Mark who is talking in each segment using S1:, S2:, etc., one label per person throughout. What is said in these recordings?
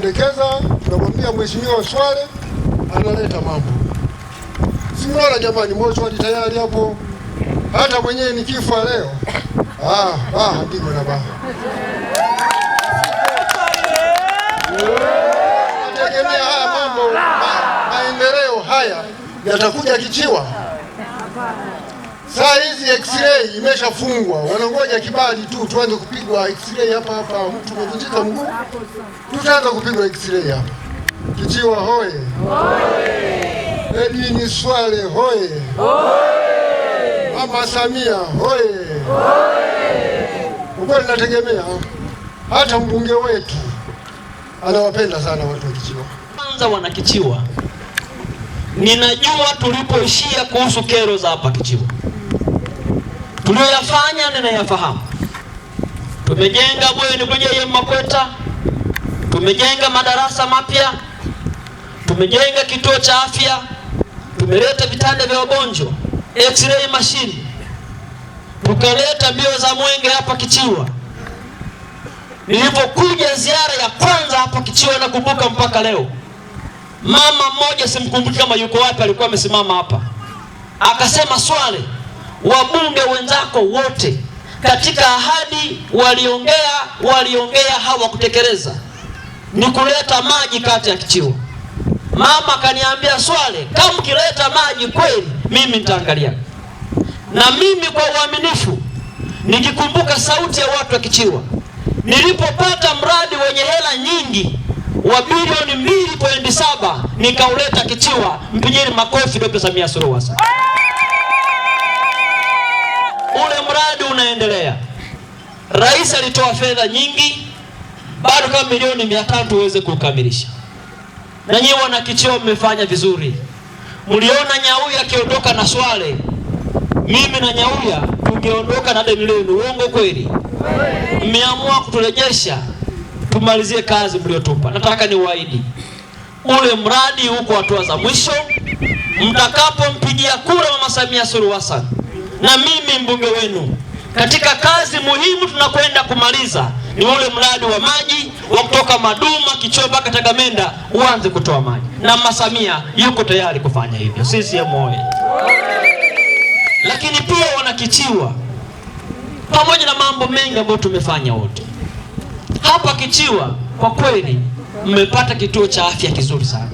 S1: tunapendekeza, tunamwambia mheshimiwa Swale analeta mambo, Simwona jamani, Moswali tayari hapo, hata mwenyewe ni kifa leo apigwa ah, ah na baa tegemea haya mambo maendeleo haya yatakuja kichiwa Saa hizi x-ray imeshafungwa, wanangoja kibali tu tuanze kupigwa x-ray hapa hapa. Mtu umevunjika mguu, tutaanza kupigwa x-ray hapa. Kichiwa hoye,
S2: hoye!
S1: Edwin Swale hoye,
S2: hoye!
S1: Mama Samia hoye,
S2: hoye!
S1: Ukweli nategemea hata mbunge wetu anawapenda sana watu wa Kichiwa.
S3: Kwanza wanakichiwa, ninajua tulipoishia kuhusu kero za hapa Kichiwa tuliyoyafanya ninayafahamu. Tumejenga bweni Bujeyi Mmakweta, tumejenga madarasa mapya, tumejenga kituo cha afya, tumeleta vitanda vya wagonjwa, x-ray machine, tukaleta mbio za mwenge hapa Kichiwa. Nilipokuja ziara ya kwanza hapa Kichiwa, nakumbuka mpaka leo, mama mmoja simkumbuki kama yuko wapi, alikuwa amesimama hapa akasema, Swale wabunge wenzako wote katika ahadi waliongea waliongea hawakutekeleza, ni kuleta maji kati ya kichiwa. Mama kaniambia Swale, kama ukileta maji kweli, mimi nitaangalia. Na mimi kwa uaminifu nikikumbuka sauti ya watu wa Kichiwa, nilipopata mradi wenye hela nyingi wa bilioni 2.7 nikauleta Kichiwa. Mpigeni makofi Dkt. Samia Suluhu Hassan. unaendelea. Rais alitoa fedha nyingi, bado kama milioni mia tatu uweze kukamilisha. Na nyinyi wana Kicheo mmefanya vizuri, mliona Nyauya akiondoka na Swale, mimi na Nyauya tungeondoka na deni lenu. Uongo kweli? Mmeamua kuturejesha tumalizie kazi mliotupa. Nataka niwaahidi ule mradi huko hatua za mwisho, mtakapompigia kura Mama Samia Suluhu Hassan na mimi mbunge wenu katika kazi muhimu tunakwenda kumaliza ni ule mradi wa maji wa kutoka Maduma Kichoo mpaka Tagamenda uanze kutoa maji, na masamia yuko tayari kufanya hivyo. CCM oye! Lakini pia wanakichiwa, pamoja na mambo mengi ambayo tumefanya wote hapa Kichiwa, kwa kweli mmepata kituo cha afya kizuri sana.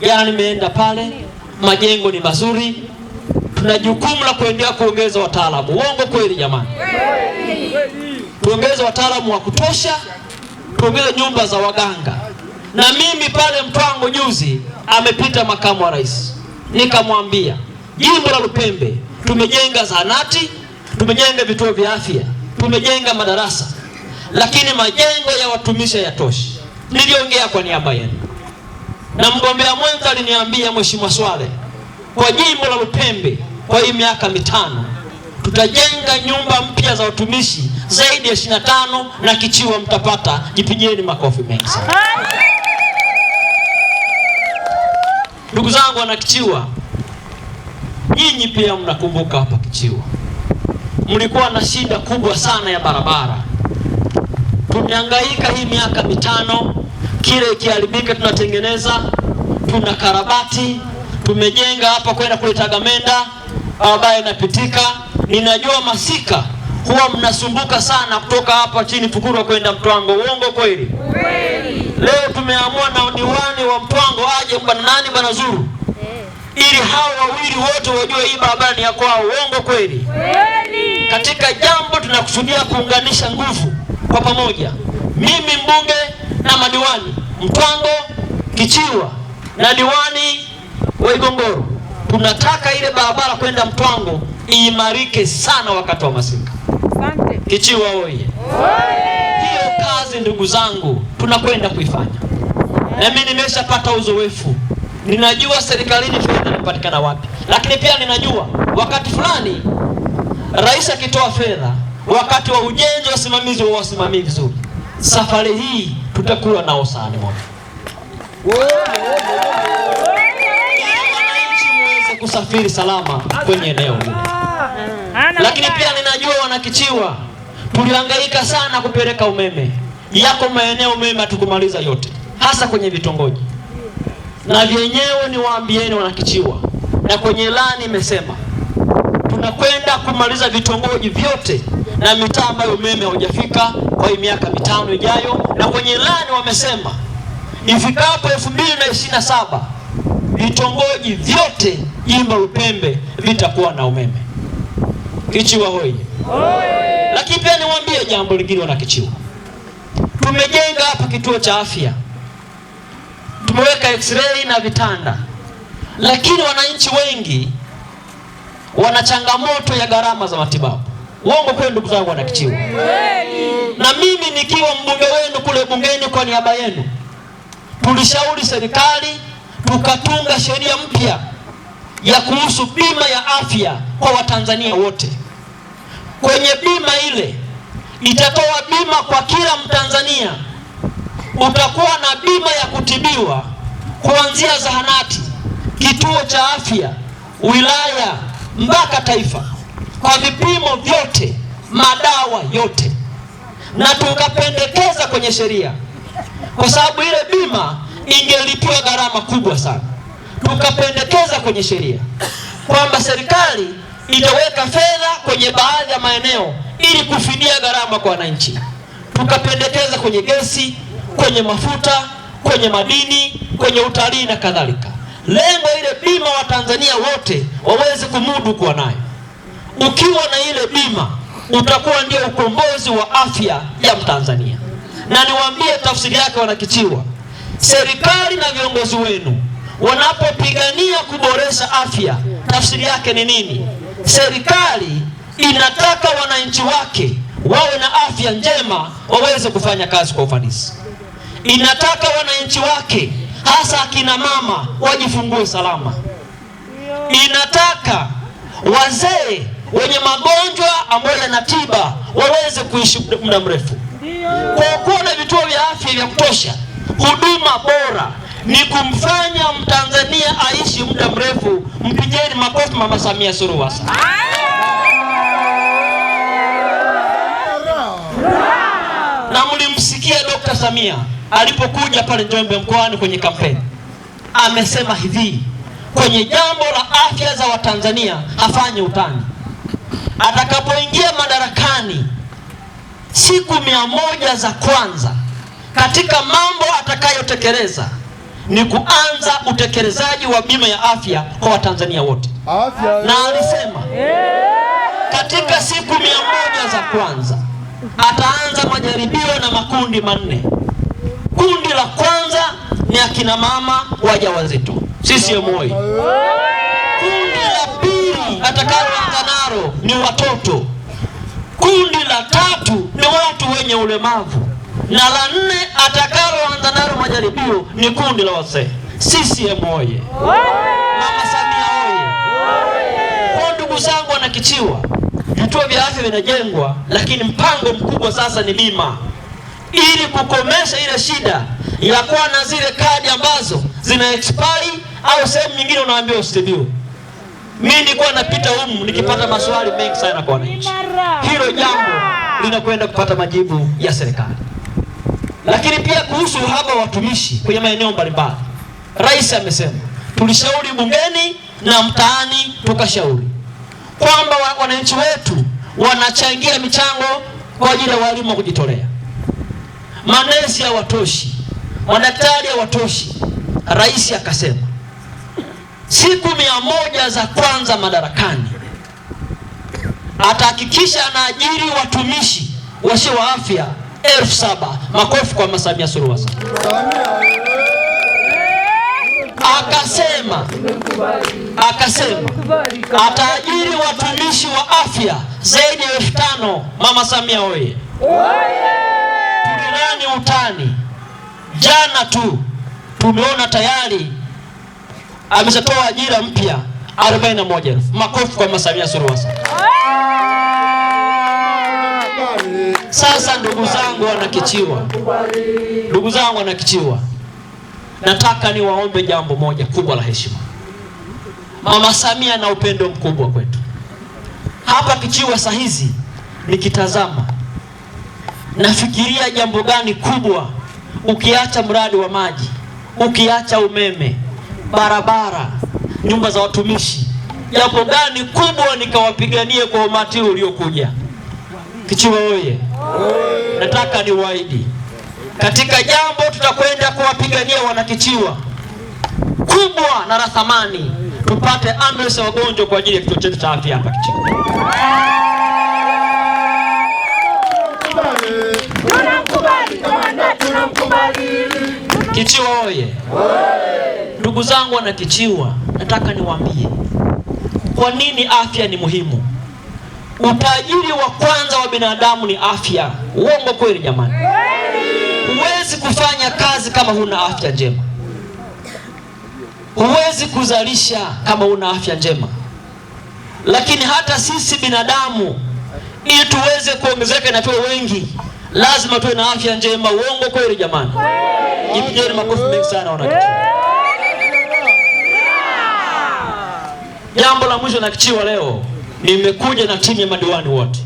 S3: Jana yaani, nimeenda pale, majengo ni mazuri, tuna jukumu la kuendelea kuongeza wataalamu. Uongo kweli jamani? Tuongeze wataalamu wa kutosha, tuongeze nyumba za waganga. Na mimi pale Mtwango juzi amepita makamu wa rais, nikamwambia jimbo la Lupembe tumejenga zahanati, tumejenga vituo vya afya, tumejenga madarasa, lakini majengo ya watumishi hayatoshi. Niliongea kwa niaba yenu na mgombea mwenza aliniambia, Mheshimiwa Swale, kwa jimbo la Lupembe kwa hii miaka mitano tutajenga nyumba mpya za watumishi zaidi ya ishirini na tano na Kichiwa mtapata. Jipigieni makofi mengi sana ndugu zangu wana Kichiwa. Nyinyi pia mnakumbuka hapa Kichiwa mlikuwa na shida kubwa sana ya barabara. Tumehangaika hii miaka mitano, kile ikiharibika tunatengeneza, tuna karabati, tumejenga hapa kwenda kule Tagamenda ambayo inapitika. Ninajua masika huwa mnasumbuka sana kutoka hapa chini Tukurwa kwenda Mtwango, uongo kweli? Leo tumeamua na diwani wa Mtwango aje bwana nani, bwana Zuru, eh. ili hao wawili wote wajue hii barabara ni ya kwao, uongo kweli? Katika jambo tunakusudia kuunganisha nguvu kwa pamoja, mimi mbunge na madiwani Mtwango, Kichiwa na diwani wa Igongoro tunataka ile barabara kwenda Mtwango iimarike sana wakati wa masika. Asante. Kichiwa oye! Hiyo kazi ndugu zangu tunakwenda kuifanya, na mimi nimeshapata uzoefu, ninajua serikalini fedha inapatikana wapi, lakini pia ninajua wakati fulani rais akitoa fedha wakati wa ujenzi wa usimamizi wa wasimamii vizuri. Safari hii tutakuwa nao sana moja kusafiri salama kwenye eneo hili, lakini pia ninajua wanakichiwa tulihangaika sana kupeleka umeme. Yako maeneo umeme hatukumaliza yote, hasa kwenye vitongoji na vyenyewe. Niwaambieni wanakichiwa, na kwenye ilani imesema tunakwenda kumaliza vitongoji vyote na mitaa ambayo umeme haujafika kwa hii miaka mitano ijayo, na kwenye ilani wamesema ifikapo elfu mbili na ishirini na saba vitongoji vyote Jimbo Lupembe vitakuwa na umeme. Kichiwa hoi! Lakini pia niwaambie jambo lingine, wana kichiwa tumejenga hapa kituo cha afya, tumeweka x-ray na vitanda, lakini wananchi wengi wana changamoto ya gharama za matibabu. Uongo kwenu, ndugu zangu Kichiwa? Na mimi nikiwa mbunge wenu kule bungeni, kwa niaba yenu tulishauri serikali tukatunga sheria mpya ya kuhusu bima ya afya kwa Watanzania wote. Kwenye bima ile itatoa bima kwa kila Mtanzania, utakuwa na bima ya kutibiwa kuanzia zahanati, kituo cha afya, wilaya mpaka taifa, kwa vipimo vyote, madawa yote, na tukapendekeza kwenye sheria, kwa sababu ile bima ingelipiwa gharama kubwa sana. Tukapendekeza kwenye sheria kwamba serikali itaweka fedha kwenye baadhi ya maeneo ili kufidia gharama kwa wananchi. Tukapendekeza kwenye gesi, kwenye mafuta, kwenye madini, kwenye utalii na kadhalika, lengo ile bima wa Tanzania wote waweze kumudu kuwa nayo. Ukiwa na ile bima utakuwa ndio ukombozi wa afya ya Mtanzania, na niwaambie tafsiri yake wanakichiwa serikali na viongozi wenu wanapopigania kuboresha afya, tafsiri yake ni nini? Serikali inataka wananchi wake wawe na afya njema, waweze kufanya kazi kwa ufanisi. Inataka wananchi wake hasa akina mama wajifungue salama. Inataka wazee wenye magonjwa ambayo yana tiba waweze kuishi muda mrefu. Kwa kuwa na vituo vya afya vya kutosha huduma bora ni kumfanya Mtanzania aishi muda mrefu. Mpigeni makofi Mama Samia Suluhu Hassan. Na mlimsikia Dr. Samia alipokuja pale Njombe mkoani kwenye kampeni, amesema hivi kwenye jambo la afya za Watanzania hafanye utani. Atakapoingia madarakani, siku mia moja za kwanza katika mambo atakayotekeleza ni kuanza utekelezaji wa bima ya afya kwa Watanzania wote afya. Na alisema katika siku mia moja za kwanza ataanza majaribio na makundi manne. Kundi la kwanza ni akina mama wajawazito, CCM oyee! Kundi la pili atakaloanza nalo ni watoto. Kundi la tatu ni watu wenye ulemavu na la nne atakaloanza nalo majaribio ni kundi la wazee. CCM oye! Mama Samia oye! Kwa ndugu zangu wanakichiwa, vituo vya afya vinajengwa, lakini mpango mkubwa sasa ni bima, ili kukomesha ile shida ya kuwa na zile kadi ambazo zina expire au sehemu nyingine unaambiwa usitibiwe. Mimi nilikuwa napita humu nikipata maswali mengi sana kwa wananchi, hilo jambo linakwenda kupata majibu ya serikali. Lakini pia kuhusu uhaba wa watumishi kwenye maeneo mbalimbali, rais amesema tulishauri bungeni na mtaani, tukashauri kwamba wananchi wetu wanachangia michango kwa ajili ya walimu wa kujitolea. Manesi hawatoshi, madaktari hawatoshi. Rais akasema siku mia moja za kwanza madarakani atahakikisha anaajiri watumishi wasio wa afya elfu saba. Makofi kwa Mama Suluhu Hassan. Akasema, akasema ataajiri watumishi wa afya zaidi ya elfu tano. Mama Samia oye! Tukirani utani, jana tu tumeona tayari ameshatoa ajira mpya 41,000. Makofi kwa Mama Samia Suluhu Hassan. Sasa ndugu zangu wanakichiwa, ndugu zangu wanakichiwa, nataka niwaombe jambo moja kubwa la heshima. Mama Samia na upendo mkubwa kwetu hapa Kichiwa. Saa hizi nikitazama nafikiria jambo gani kubwa, ukiacha mradi wa maji, ukiacha umeme, barabara, nyumba za watumishi, jambo gani kubwa nikawapiganie kwa umati uliokuja Kichiwa oye! Nataka ni waidi katika jambo tutakwenda kuwapigania wanakichiwa kubwa na la thamani, tupate ambulance ya wagonjwa kwa ajili ya kituo chetu cha afya hapa Kichiwa. Kichiwa oye! Ndugu zangu wanakichiwa, nataka niwaambie kwa nini afya ni muhimu. Utajiri wa kwanza wa binadamu ni afya. Uongo kweli jamani? Huwezi kufanya kazi kama huna afya njema, huwezi kuzalisha kama huna afya njema. Lakini hata sisi binadamu, ili tuweze kuongezeka na tuwe wengi, lazima tuwe na afya njema. Uongo kweli jamani? Jipigeni makofi mengi sana wana jambo la mwisho na kichiwa leo Nimekuja na timu ya madiwani wote